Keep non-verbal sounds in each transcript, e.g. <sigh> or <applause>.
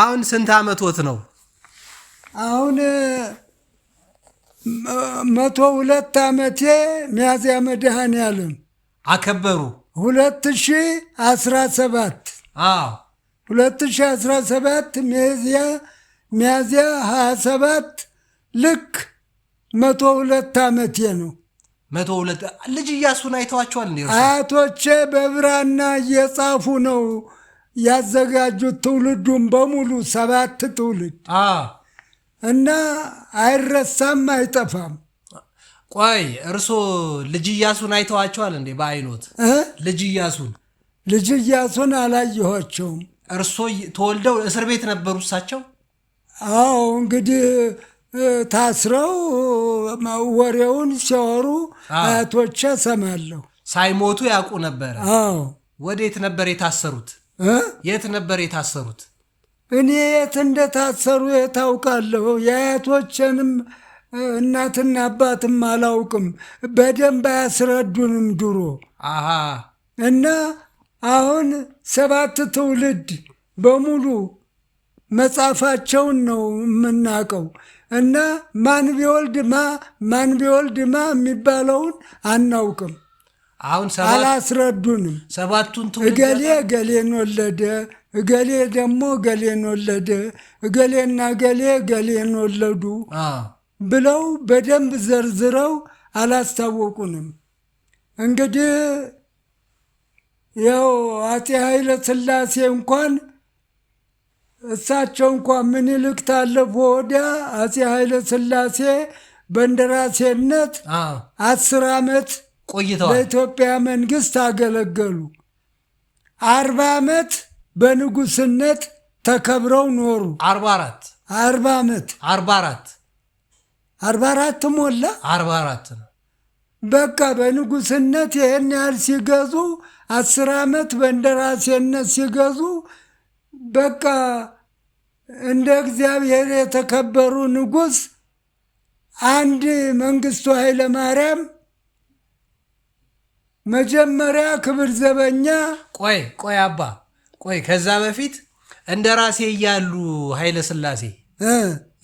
አሁን ስንት አመቶት ነው? አሁን መቶ ሁለት አመቴ ሚያዝያ መድኃኔዓለም አከበሩ። ሁለት ሺ አስራ ሰባት ሁለት ሺ አስራ ሰባት ሚያዝያ ሚያዝያ ሀያ ሰባት ልክ መቶ ሁለት አመቴ ነው። መቶ ሁለት ልጅ እያሱን አይተዋቸዋል። አያቶቼ በብራና እየጻፉ ነው ያዘጋጁት ትውልዱን በሙሉ ሰባት ትውልድ እና አይረሳም፣ አይጠፋም። ቆይ እርሶ ልጅ እያሱን አይተዋቸዋል እንዴ? በአይኖት ልጅ እያሱን ልጅ እያሱን አላየኋቸውም። እርሶ ተወልደው እስር ቤት ነበሩ እሳቸው? አዎ እንግዲህ ታስረው ወሬውን ሲያወሩ አያቶቼ ሰማለሁ። ሳይሞቱ ያውቁ ነበረ። አዎ። ወዴት ነበር የታሰሩት? የት ነበር የታሰሩት? እኔ የት እንደታሰሩ የታውቃለሁ። የአያቶችንም እናትና አባትም አላውቅም። በደንብ አያስረዱንም ድሮ እና አሁን ሰባት ትውልድ በሙሉ መጽሐፋቸውን ነው የምናውቀው። እና ማን ቢወልድ ማ ማን ቢወልድ ማ የሚባለውን አናውቅም። አሁን አላስረዱንም። ሰባቱን እገሌ እገሌን ወለደ፣ እገሌ ደግሞ እገሌን ወለደ፣ እገሌና እገሌ እገሌን ወለዱ ብለው በደንብ ዘርዝረው አላስታወቁንም። እንግዲህ ያው አፄ ኃይለ ሥላሴ እንኳን እሳቸው ምን ይልቅ ታለፎ ወዲያ አፄ ኃይለ ሥላሴ በእንደራሴነት አስር ዓመት ቆይተዋል። በኢትዮጵያ መንግስት አገለገሉ። አርባ ዓመት በንጉስነት ተከብረው ኖሩ። አርባ አራት አርባ ዓመት አርባ አራት አርባ አራት ሞላ አርባ አራት ነው። በቃ በንጉስነት ይህን ያህል ሲገዙ አስር ዓመት በእንደራሴነት ሲገዙ በቃ እንደ እግዚአብሔር የተከበሩ ንጉስ አንድ መንግስቱ ኃይለ ማርያም መጀመሪያ ክብር ዘበኛ ቆይ ቆይ አባ ቆይ ከዛ በፊት እንደ ራሴ እያሉ ኃይለ ስላሴ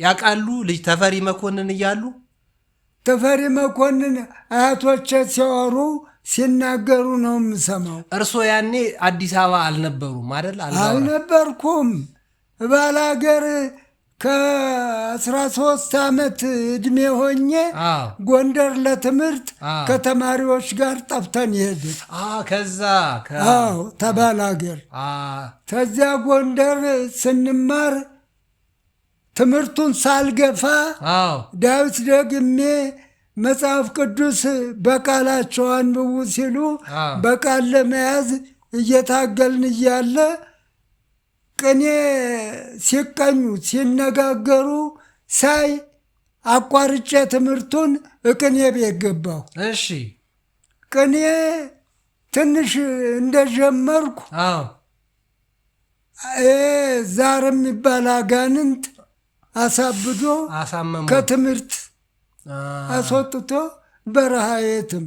ያውቃሉ? ልጅ ተፈሪ መኮንን እያሉ ተፈሪ መኮንን አያቶች ሲያወሩ ሲናገሩ ነው የምሰማው። እርሶ ያኔ አዲስ አበባ አልነበሩም አይደል? አልነበርኩም ባላገር ከአስራ ሶስት ዓመት እድሜ ሆኜ ጎንደር ለትምህርት ከተማሪዎች ጋር ጠፍተን የሄድን። ከዛ አዎ ተባል ሀገር ከዚያ ጎንደር ስንማር ትምህርቱን ሳልገፋ ዳዊት ደግሜ መጽሐፍ ቅዱስ በቃላቸው አንብቡ ሲሉ በቃል ለመያዝ እየታገልን እያለ ቅኔ ሲቀኙ ሲነጋገሩ ሳይ አቋርጬ ትምህርቱን እቅኔ ቤት ገባሁ። እሺ ቅኔ ትንሽ እንደጀመርኩ ዛር የሚባል አጋንንት አሳብዶ ከትምህርት አስወጥቶ በረሃ የትም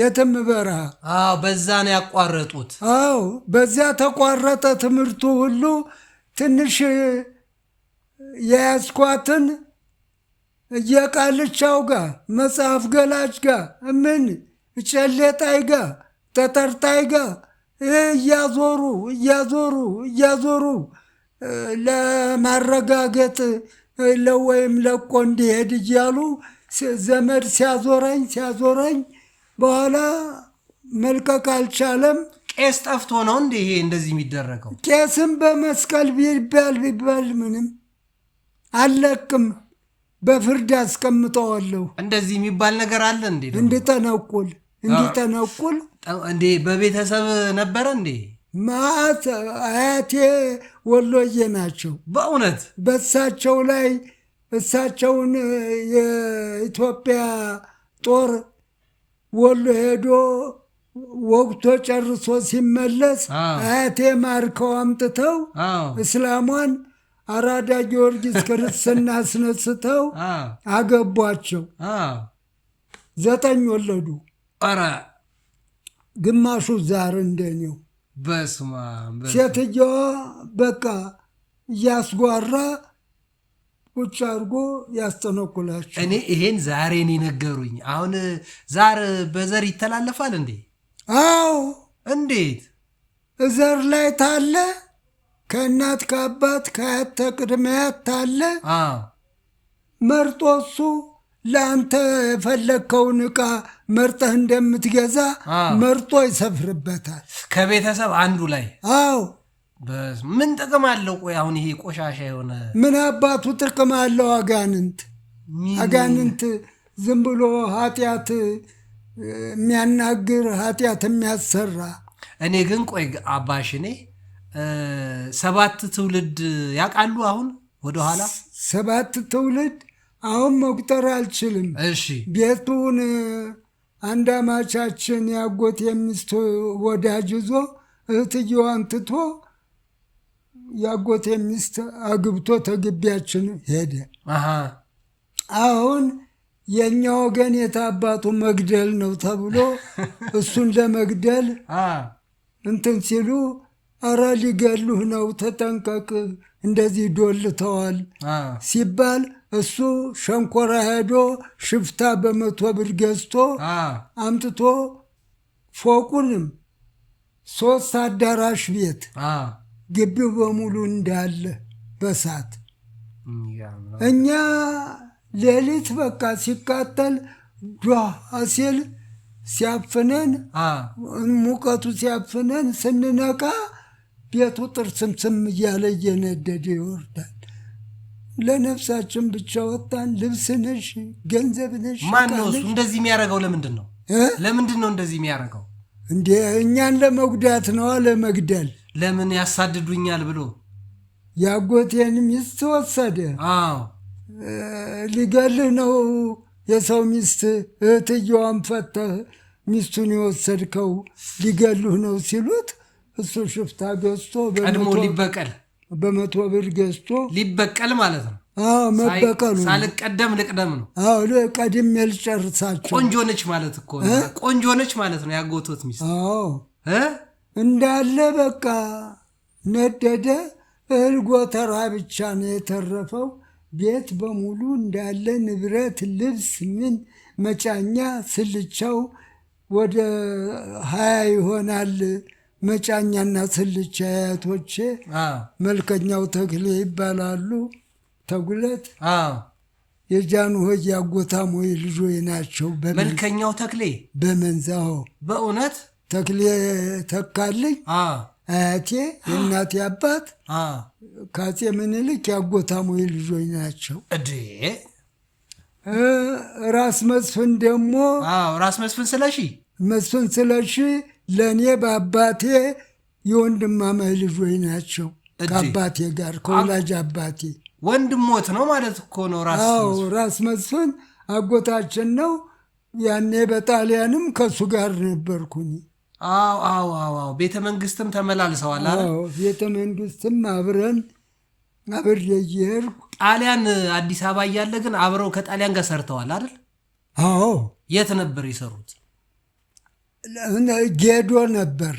የትም በረሃ። አዎ፣ በዛ ነው ያቋረጡት። አዎ፣ በዚያ ተቋረጠ ትምህርቱ ሁሉ። ትንሽ የያዝኳትን እየቃልቻው ጋር መጽሐፍ ገላጭ ጋር ምን ጨሌጣይ ጋር ተጠርጣይ ጋር እያዞሩ እያዞሩ እያዞሩ ለማረጋገጥ ለወይም ለቆ እንዲሄድ እያሉ ዘመድ ሲያዞረኝ ሲያዞረኝ በኋላ መልቀቅ አልቻለም። ቄስ ጠፍቶ ነው እንደ ይሄ እንደዚህ የሚደረገው? ቄስም በመስቀል ቢባል ቢባል ምንም አለቅም፣ በፍርድ አስቀምጠዋለሁ። እንደዚህ የሚባል ነገር አለ እንዴ? እንድጠነቁል እንድጠነቁል እንዴ? በቤተሰብ ነበረ እንዴ? ማት አያቴ ወሎዬ ናቸው። በእውነት በእሳቸው ላይ እሳቸውን የኢትዮጵያ ጦር ወሎ ሄዶ ወቅቶ ጨርሶ ሲመለስ አያቴ ማርከው አምጥተው እስላሟን አራዳ ጊዮርጊስ ክርስትና አስነስተው አገቧቸው። ዘጠኝ ወለዱ። ኧረ ግማሹ ዛር እንደኔው። ሴትየዋ በቃ እያስጓራ ቁጭ አድርጎ ያስተነኩላቸው። እኔ ይሄን ዛሬን የነገሩኝ። አሁን ዛር በዘር ይተላለፋል እንዴ? አዎ። እንዴት ዘር ላይ ታለ ከእናት ከአባት ከአያት ተቅድመያት ታለ መርጦ እሱ ለአንተ የፈለግከውን ዕቃ መርጠህ እንደምትገዛ መርጦ ይሰፍርበታል ከቤተሰብ አንዱ ላይ። አዎ ምን ጥቅም አለው? ቆይ አሁን ይሄ ቆሻሻ የሆነ ምን አባቱ ጥቅም አለው? አጋንንት አጋንንት ዝም ብሎ ኃጢአት የሚያናግር ኃጢአት የሚያሰራ እኔ ግን ቆይ አባሽ እኔ ሰባት ትውልድ ያውቃሉ። አሁን ወደኋላ ሰባት ትውልድ አሁን መቁጠር አልችልም። እሺ ቤቱን አንድ አማቻችን ያጎት የሚስት ወዳጅ ይዞ እህትየዋን ትቶ ያጎቴ ሚስት አግብቶ ተግቢያችን ሄደ። አሁን የእኛ ወገን አባቱ መግደል ነው ተብሎ <laughs> እሱን ለመግደል እንትን ሲሉ አረ ሊገሉህ ነው ተጠንቀቅ፣ እንደዚህ ዶልተዋል ሲባል እሱ ሸንኮራ ሄዶ ሽፍታ በመቶ ብር ገዝቶ አምጥቶ ፎቁንም ሶስት አዳራሽ ቤት ግቢው በሙሉ እንዳለ በሳት እኛ ሌሊት በቃ ሲቃጠል ዷ ሲል ሲያፍነን ሙቀቱ ሲያፍነን ስንነቃ ቤቱ ስም እያለ እየነደደ ይወርዳል። ለነፍሳችን ብቻ ወጣን። ልብስ ነሽ፣ ገንዘብ ነሽ። ማነው እሱ እንደዚህ የሚያደርገው? ለምንድን ነው ለምንድን ነው እንደዚህ የሚያደርገው? እንዴ እኛን ለመጉዳት ነዋ፣ ለመግደል ለምን ያሳድዱኛል ብሎ ያጎቴን ሚስት ወሰደ። አዎ ሊገልህ ነው የሰው ሚስት እህትየዋን ፈተህ ሚስቱን የወሰድከው ሊገሉህ ነው ሲሉት እሱ ሽፍታ ገዝቶ ቀድሞ ሊበቀል በመቶ ብር ገዝቶ ሊበቀል ማለት ነው። መበቀሉ ሳልቀደም ልቅደም ነው። ቀድም የልጨርሳቸው ቆንጆ ነች ማለት እኮ ቆንጆ ነች ማለት ነው ያጎቶት ሚስት እንዳለ በቃ ነደደ። እህል ተራ ብቻ ነው የተረፈው። ቤት በሙሉ እንዳለ ንብረት፣ ልብስ፣ ምን መጫኛ ስልቻው ወደ ሀያ ይሆናል። መጫኛና ስልቻ አያቶቼ መልከኛው ተክሌ ይባላሉ። ተጉለት የጃኑ ሆይ ያጎታሞ ልጆች ናቸው። መልከኛው ተክሌ በመንዛው በእውነት ተክሌ ተካልኝ አያቴ የእናቴ አባት ከአፄ ምኒልክ ያጎታሞዬ ልጆች ናቸው። ራስ መስፍን ደግሞ ራስ መስፍን ስለሺ መስፍን ስለሺ ለእኔ በአባቴ የወንድማማች ልጆች ናቸው። ከአባቴ ጋር ከወላጅ አባቴ ወንድሞት ነው ማለት እኮ ነው። ራስ መስፍን አጎታችን ነው። ያኔ በጣሊያንም ከእሱ ጋር ነበርኩኝ። አዎ አዎ አዎ ቤተ መንግስትም ተመላልሰዋል። አ ቤተ መንግስትም አብረን አብሬ ጣሊያን አዲስ አበባ እያለ ግን አብረው ከጣሊያን ጋር ሰርተዋል አይደል? አዎ። የት ነበር የሰሩት? ጌዶ ነበር።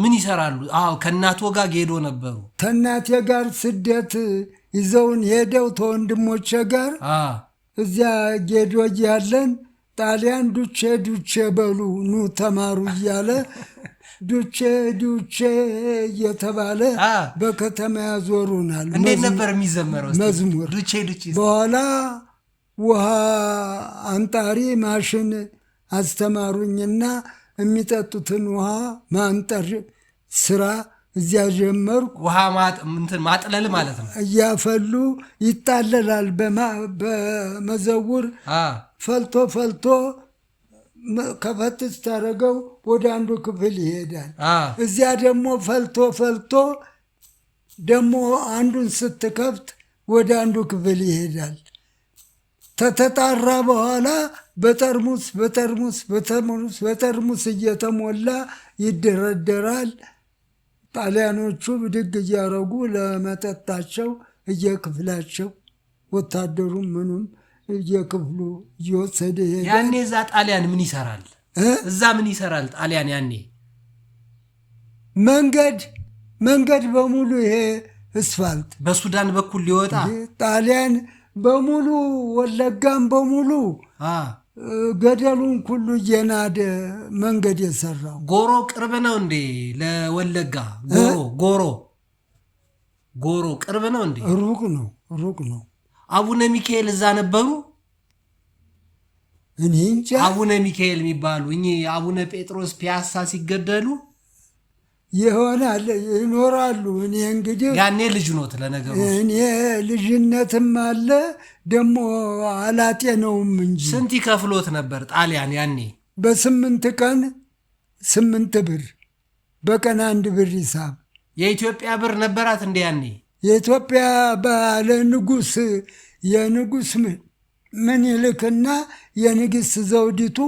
ምን ይሰራሉ? አዎ ከእናቶ ጋር ጌዶ ነበሩ። ከእናቴ ጋር ስደት ይዘውን ሄደው ተወንድሞቼ ጋር እዚያ ጌዶ እያለን ጣሊያን ዱቼ ዱቼ በሉ ኑ ተማሩ እያለ ዱቼ ዱቼ እየተባለ በከተማ ያዞሩናል። እንዴት ነበር የሚዘመረው መዝሙር? በኋላ ውሃ አንጣሪ ማሽን አስተማሩኝና የሚጠጡትን ውሃ ማንጠር ስራ እዚያ ጀመሩ። ውሃ ማጥለል ማለት ነው። እያፈሉ ይጣለላል። በመዘውር ፈልቶ ፈልቶ ከፈት ስታደረገው ወደ አንዱ ክፍል ይሄዳል። እዚያ ደግሞ ፈልቶ ፈልቶ ደግሞ አንዱን ስትከፍት ወደ አንዱ ክፍል ይሄዳል። ከተጣራ በኋላ በጠርሙስ በጠርሙስ በጠርሙስ በጠርሙስ እየተሞላ ይደረደራል። ጣሊያኖቹ ብድግ እያረጉ ለመጠጣቸው እየክፍላቸው ወታደሩም ምኑም እየክፍሉ እየወሰደ ያኔ እዛ ጣሊያን ምን ይሰራል? እዛ ምን ይሰራል ጣሊያን? ያኔ መንገድ መንገድ በሙሉ ይሄ እስፋልት በሱዳን በኩል ሊወጣ ጣሊያን በሙሉ ወለጋም በሙሉ ገደሉን ሁሉ እየናደ መንገድ የሰራው ጎሮ ቅርብ ነው እንዴ? ለወለጋ ጎሮ ጎሮ ጎሮ ቅርብ ነው እንዴ? ሩቅ ነው ሩቅ ነው። አቡነ ሚካኤል እዛ ነበሩ። እኔ እንጃ አቡነ ሚካኤል የሚባሉ እኚህ አቡነ ጴጥሮስ ፒያሳ ሲገደሉ ይሆናል ይኖራሉ። እኔ እንግዲህ ያኔ ልጅ ኖት ለነገሩ እኔ ልጅነትም አለ ደግሞ ነውም እንጂ። ስንት ይከፍሎት ነበር ጣሊያን ያኔ? በስምንት ቀን ስምንት ብር፣ በቀን አንድ ብር ሂሳብ። የኢትዮጵያ ብር ነበራት እንዴ ያኔ የኢትዮጵያ ባለ ንጉስ የንጉስ ምን ይልክና የንግስት ዘውዲቱ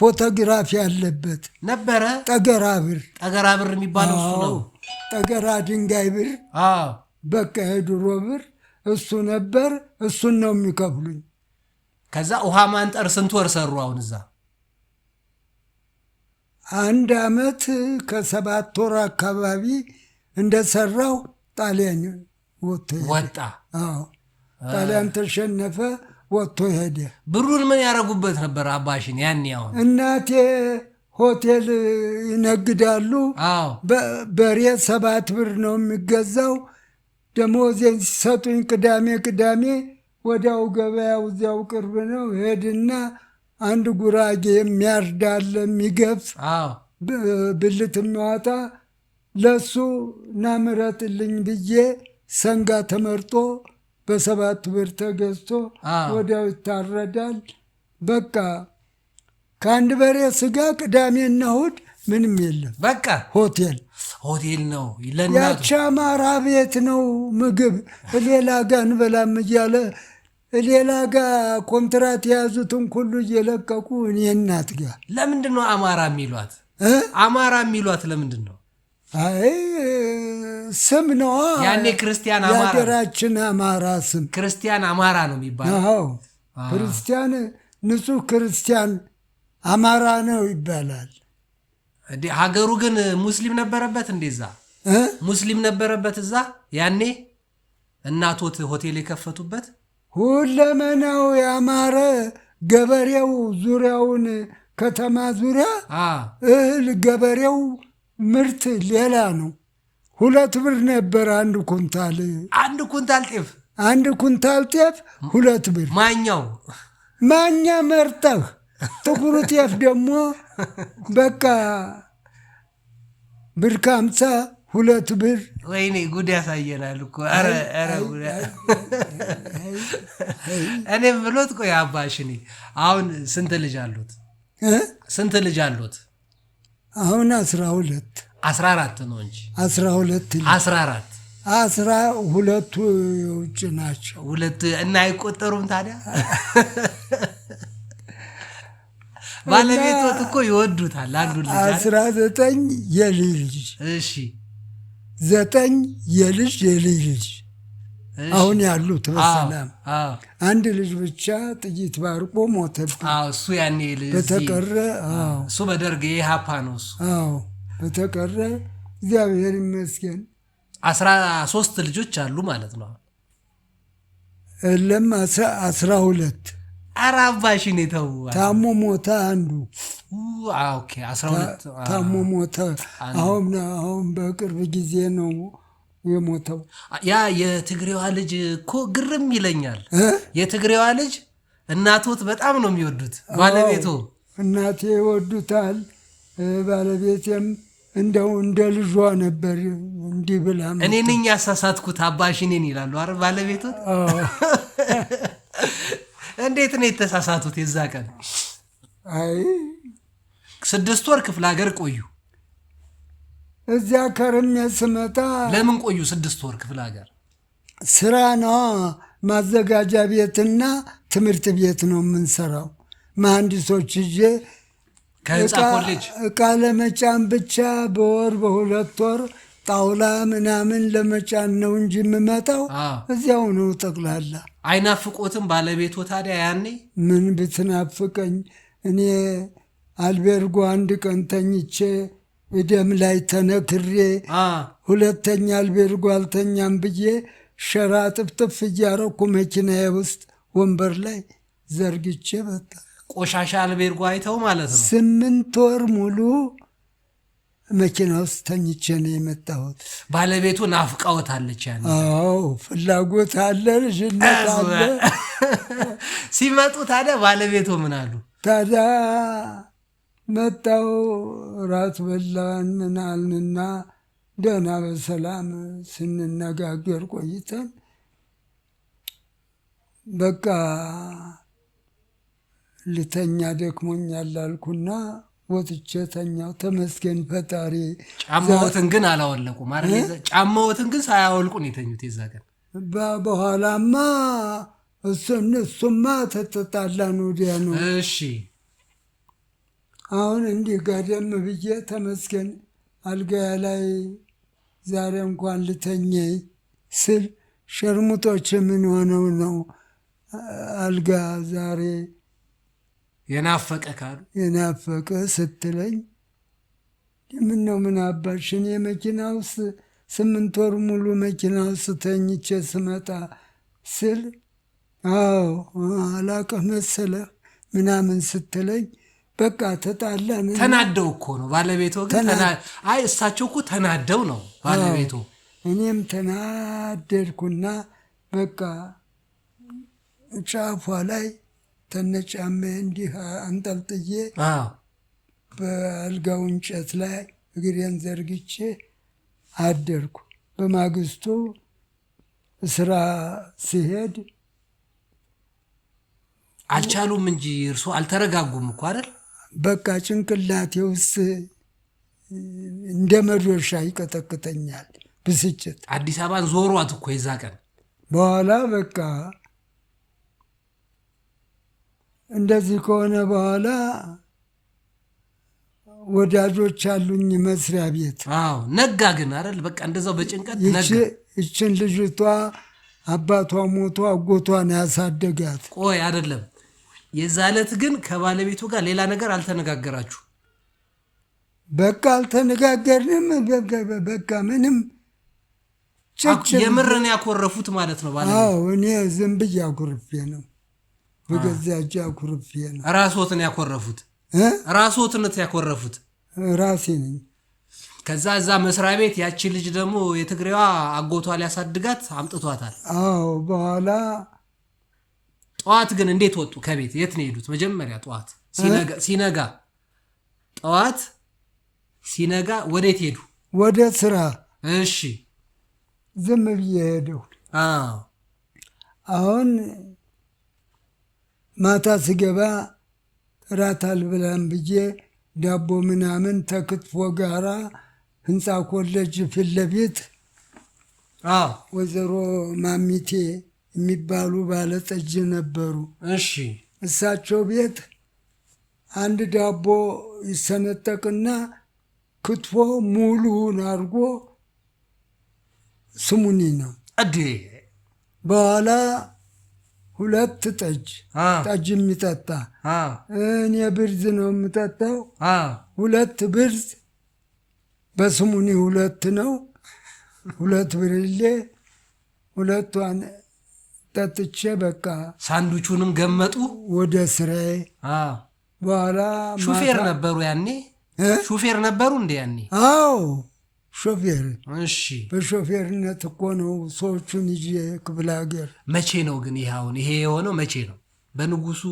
ፎቶግራፊ ያለበት ነበረ። ጠገራ ብር ጠገራ ብር የሚባለው እሱ ነው። ጠገራ ድንጋይ ብር፣ በቃ የድሮ ብር እሱ ነበር። እሱን ነው የሚከፍሉኝ። ከዛ ውሃ ማንጠር ስንት ወር ሰሩ? አሁን እዛ አንድ አመት ከሰባት ወር አካባቢ እንደሰራው ጣሊያን ወጣ። ጣሊያን ተሸነፈ። ወጥቶ ሄደ። ብሩን ምን ያደረጉበት ነበር? አባሽን ያን ያሁን እናቴ ሆቴል ይነግዳሉ። በሬ ሰባት ብር ነው የሚገዛው። ደሞዜን ሲሰጡኝ ቅዳሜ ቅዳሜ ወዲያው ገበያው እዚያው ቅርብ ነው ሄድና አንድ ጉራጌ የሚያርዳለ የሚገብስ ብልት የሚዋጣ ለሱ ናምረጥልኝ ብዬ ሰንጋ ተመርጦ በሰባት ብር ተገዝቶ ወዲያው ይታረዳል። በቃ ከአንድ በሬ ስጋ ቅዳሜና እሑድ ምንም የለም። በቃ ሆቴል ሆቴል ነው። ያቺ አማራ ቤት ነው ምግብ ሌላ ጋ እንበላም እያለ ሌላ ጋ ኮንትራት የያዙትን ሁሉ እየለቀቁ እኔ እናት ጋ ለምንድን ነው አማራ የሚሏት? አማራ የሚሏት ለምንድን ነው? አይ ስም ነዋ። ያኔ ክርስቲያን አማራ የሀገራችን አማራ ስም ክርስቲያን አማራ ነው የሚባለው። ክርስቲያን ንጹህ ክርስቲያን አማራ ነው ይባላል። ሀገሩ ግን ሙስሊም ነበረበት። እንዴዛ ሙስሊም ነበረበት እዛ ያኔ እናቶት ሆቴል የከፈቱበት ሁለመናው ያማረ ገበሬው ዙሪያውን ከተማ ዙሪያ እህል ገበሬው ምርት ሌላ ነው። ሁለት ብር ነበር አንድ ኩንታል አንድ ኩንታል ጤፍ አንድ ኩንታል ጤፍ ሁለት ብር ማኛው ማኛ መርጠህ ጥቁሩ ጤፍ ደግሞ በቃ ብር ከአምሳ ሁለት ብር። ወይኔ ጉድ ያሳየናል እኮ ኧረ እኔ ብሎት ቆይ አባሽኔ አሁን ስንት ልጅ አሉት? ስንት ልጅ አሉት? አሁን አስራ ሁለት አስራ አራት ነው እንጂ አስራ ሁለት አስራ አራት አስራ ሁለቱ የውጭ ናቸው። ሁለቱ እና አይቆጠሩም ታዲያ። <laughs> ባለቤቶት እኮ ይወዱታል። አንዱ ልጅ አስራ ዘጠኝ የልጅ ልጅ እሺ፣ ዘጠኝ የልጅ የልጅ ልጅ አሁን ያሉት በሰላም አንድ ልጅ ብቻ ጥይት ባርቆ ሞተብኝ። እሱ ያኔ በተቀረ እሱ በደርግ የሀፓ ነው እሱ። አዎ በተቀረ እግዚአብሔር ይመስገን አስራ ሶስት ልጆች አሉ ማለት ነው። የለም አስራ ሁለት አራባሽ ነው። ታሞ ሞተ አንዱ ታሞ ሞተ። አሁን አሁን በቅርብ ጊዜ ነው የሞተው ያ የትግሬዋ ልጅ እኮ ግርም ይለኛል። የትግሬዋ ልጅ እናቶት በጣም ነው የሚወዱት ባለቤቱ እናቴ ይወዱታል። ባለቤቴም እንደው እንደ ልጇ ነበር። እንዲህ ብላ እኔ ነኝ ያሳሳትኩት አባሽ እኔን ይላሉ። አረ ባለቤቱት <laughs> እንዴት ነው የተሳሳቱት? የዛ ቀን አይ ስድስት ወር ክፍለ ሀገር ቆዩ። እዚያ ከርሜ ስመጣ ለምን ቆዩ? ስድስት ወር ክፍለ ሀገር ስራ ነው። ማዘጋጃ ቤትና ትምህርት ቤት ነው የምንሰራው። መሐንዲሶች ይዤ እቃ ለመጫን ብቻ በወር በሁለት ወር ጣውላ ምናምን ለመጫን ነው እንጂ የምመጣው እዚያው ነው ጠቅላላ። አይናፍቆትም ባለቤቶ? ታዲያ ያኔ ምን ብትናፍቀኝ እኔ አልቤርጎ አንድ ቀን ተኝቼ ደም ላይ ተነክሬ ሁለተኛ አልቤርጎ አልተኛም ብዬ ሸራ ጥፍጥፍ እያረኩ መኪናዬ ውስጥ ወንበር ላይ ዘርግቼ በጣ ቆሻሻ አልቤርጎ አይተው ማለት ነው። ስምንት ወር ሙሉ መኪና ውስጥ ተኝቼ ነው የመጣሁት። ባለቤቱ ናፍቃወታለች። ያ አዎ፣ ፍላጎት አለ፣ ልጅነት አለ። <laughs> ሲመጡ ታዲያ ባለቤቱ ምን አሉ ታዲያ? መጣው ራት በላን ምናልንና ደህና በሰላም ስንነጋገር ቆይተን በቃ ልተኛ ደክሞኛል አልኩና ወጥቼ ተኛው። ተመስገን ፈጣሪ። ጫማዎትን ግን አላወለቁም። ጫማዎትን ግን ሳያወልቁ ነው የተኙት። የዛ ቀን በኋላማ እነሱማ ተጠጣላን ወዲያ ነው። እሺ አሁን እንዲህ ጋደም ብዬ ተመስገን አልጋያ ላይ ዛሬ እንኳን ልተኘ ስል ሸርሙጦች ምን ሆነው ነው አልጋ ዛሬ የናፈቀ ካሉ የናፈቀ ስትለኝ ምን ነው ምን አባሽን የመኪና ውስጥ ስምንት ወር ሙሉ መኪና ውስጥ ተኝቼ ስመጣ ስል አዎ አላቀ መሰለ ምናምን ስትለኝ በቃ ተጣላን። ተናደው እኮ ነው ባለቤቶ። አይ እሳቸው እኮ ተናደው ነው ባለቤቶ። እኔም ተናደድኩና በቃ ጫፏ ላይ ተነጫሜ እንዲህ አንጠልጥዬ በአልጋው እንጨት ላይ እግሬን ዘርግቼ አደርኩ። በማግስቱ ስራ ሲሄድ አልቻሉም እንጂ እርሶ አልተረጋጉም እኮ አይደል? በቃ ጭንቅላቴ ውስጥ እንደ መዶሻ ይቀጠቅጠኛል ብስጭት። አዲስ አበባን ዞሯት እኮ የዛ ቀን በኋላ በቃ እንደዚህ ከሆነ በኋላ ወዳጆች አሉኝ መስሪያ ቤት። አዎ ነጋ ግን አይደል በቃ እንደዛው በጭንቀት ይችን ልጅቷ አባቷ ሞቶ አጎቷን ያሳደጋት። ቆይ አይደለም የዛ ዕለት ግን ከባለቤቱ ጋር ሌላ ነገር አልተነጋገራችሁ? በቃ አልተነጋገርንም። በቃ ምንም የምርን ያኮረፉት ማለት ነው። ባለ እኔ ዝም ብዬ አኩርፌ ነው በገዛጅ እጄ አኩርፌ ነው። ራስዎትን ያኮረፉት? ራስዎትነት ያኮረፉት? ራሴ ነኝ። ከዛ እዛ መስሪያ ቤት ያቺ ልጅ ደግሞ የትግሬዋ አጎቷ ሊያሳድጋት አምጥቷታል። አዎ በኋላ ጠዋት ግን እንዴት ወጡ? ከቤት የት ነው የሄዱት? መጀመሪያ ጠዋት ሲነጋ ጠዋት ሲነጋ ወዴት ሄዱ? ወደ ስራ። እሺ፣ ዝም ብዬ ሄደው። አሁን ማታ ስገባ ራት አልብላም ብዬ ዳቦ ምናምን ተክትፎ ጋራ ህንፃ ኮሌጅ ፊት ለፊት ወይዘሮ ማሚቴ የሚባሉ ባለጠጅ ነበሩ። እሺ እሳቸው ቤት አንድ ዳቦ ይሰነጠቅና ክትፎ ሙሉውን አድርጎ ስሙኒ ነው። በኋላ ሁለት ጠጅ ጠጅ የሚጠጣ እኔ ብርዝ ነው የምጠጣው። ሁለት ብርዝ በስሙኒ ሁለት ነው። ሁለት ብርሌ ሁለቷን ጠጥቼ በቃ ሳንዱቹንም ገመጡ ወደ ስራዬ። በኋላ ሹፌር ነበሩ ያኔ ሹፌር ነበሩ እንደ ያኔ? አዎ ሾፌር። እሺ በሾፌርነት እኮ ነው ሰዎቹን ይዤ ክፍለ ሀገር። መቼ ነው ግን ይሄ አሁን ይሄ የሆነው መቼ ነው? በንጉሱ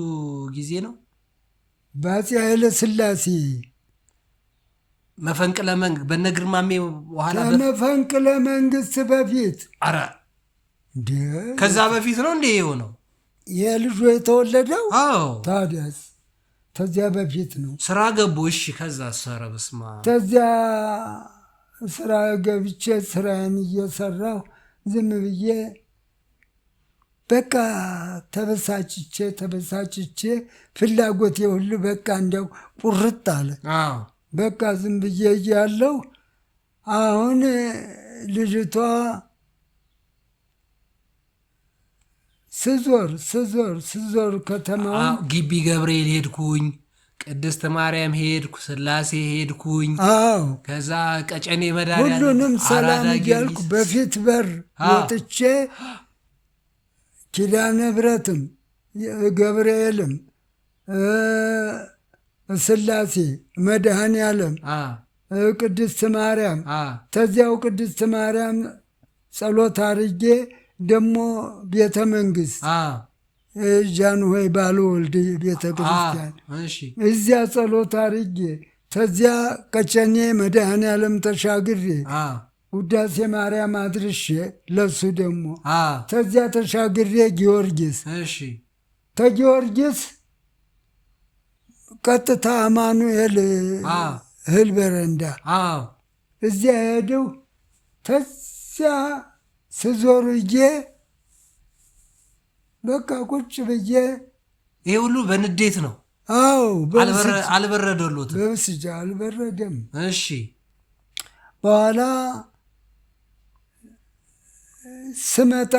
ጊዜ ነው በአፄ ኃይለ ስላሴ መፈንቅለ መንግስት በነ ግርማሜ በኋላ መፈንቅለ መንግስት በፊት አራ ከዛ በፊት ነው እንዴ የሆነው? የልጁ የተወለደው? አዎ። ታዲያስ ከዚያ በፊት ነው። ስራ ገቡ። እሺ። ከዛ ሰረ በስማ ስራ ገብቼ ስራዬን እየሰራሁ ዝም ብዬ በቃ ተበሳጭቼ ተበሳጭቼ ፍላጎት የሁሉ በቃ እንደው ቁርጥ አለ። በቃ ዝም ብዬ እያለሁ አሁን ልጅቷ ስዞር ስዞር ስዞር ከተማ ግቢ ገብርኤል ሄድኩኝ፣ ቅድስት ማርያም ሄድኩ፣ ስላሴ ሄድኩኝ። አዎ ከዛ ቀጨኔ መዳ ሁሉንም ሰላም እያልኩ በፊት በር ወጥቼ ኪዳነ ምሕረትም ገብርኤልም ስላሴ መድኃኒዓለም ቅድስት ማርያም ተዚያው ቅድስት ማርያም ጸሎት አርጌ ደግሞ ቤተ መንግስት ጃንሆይ ባልወልድ ቤተ ክርስቲያን እዚያ ጸሎት አርጌ ተዚያ ቀጨኔ መድኃኔ ዓለም ተሻግሬ ውዳሴ ማርያም አድርሼ ለሱ ደግሞ ተዚያ ተሻግሬ ጊዮርጊስ ተጊዮርጊስ ቀጥታ አማኑኤል እህል በረንዳ እዚያ ሄድው ተዚያ ስዞር ብዬ በቃ ቁጭ ብዬ ይህ ሁሉ በንዴት ነው። አዎ አልበረደሎት፣ በብስጭት አልበረደም። እሺ በኋላ ስመጣ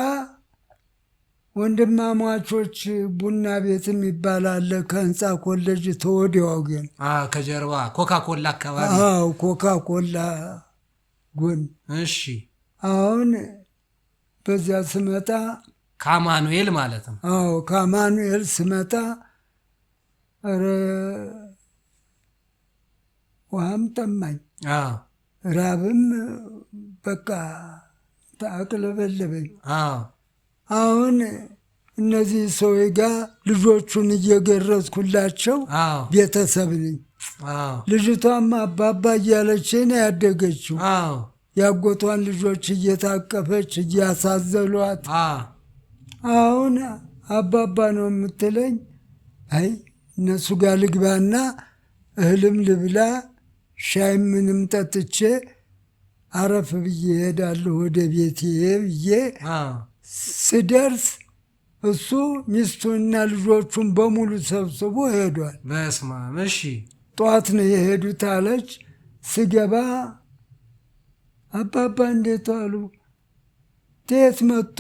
ወንድማማቾች ቡና ቤት የሚባል አለ ከህንፃ ኮሌጅ ተወዲያው ግን ከጀርባ ኮካ ኮላ አካባቢ። አዎ ኮካ ኮላ ጎን። እሺ አሁን በዚያ ስመጣ ከአማኑኤል ማለት ነው። አዎ ከአማኑኤል ስመጣ ውሃም ጠማኝ፣ ራብም በቃ ታቅለበለበኝ። አሁን እነዚህ ሰዎች ጋ ልጆቹን እየገረዝኩላቸው ቤተሰብ ነኝ። ልጅቷም አባባ እያለችን ያደገችው ያጎቷን ልጆች እየታቀፈች እያሳዘሏት፣ አሁን አባባ ነው የምትለኝ? አይ እነሱ ጋር ልግባና እህልም ልብላ ሻይ ምንም ጠጥቼ አረፍ ብዬ እሄዳለሁ ወደ ቤቴ ብዬ ስደርስ እሱ ሚስቱንና ልጆቹን በሙሉ ሰብስቦ ሄዷል። በስመ አብ። እሺ፣ ጠዋት ነው የሄዱት አለች። ስገባ አባባ እንዴት ዋሉ? ከየት መጡ?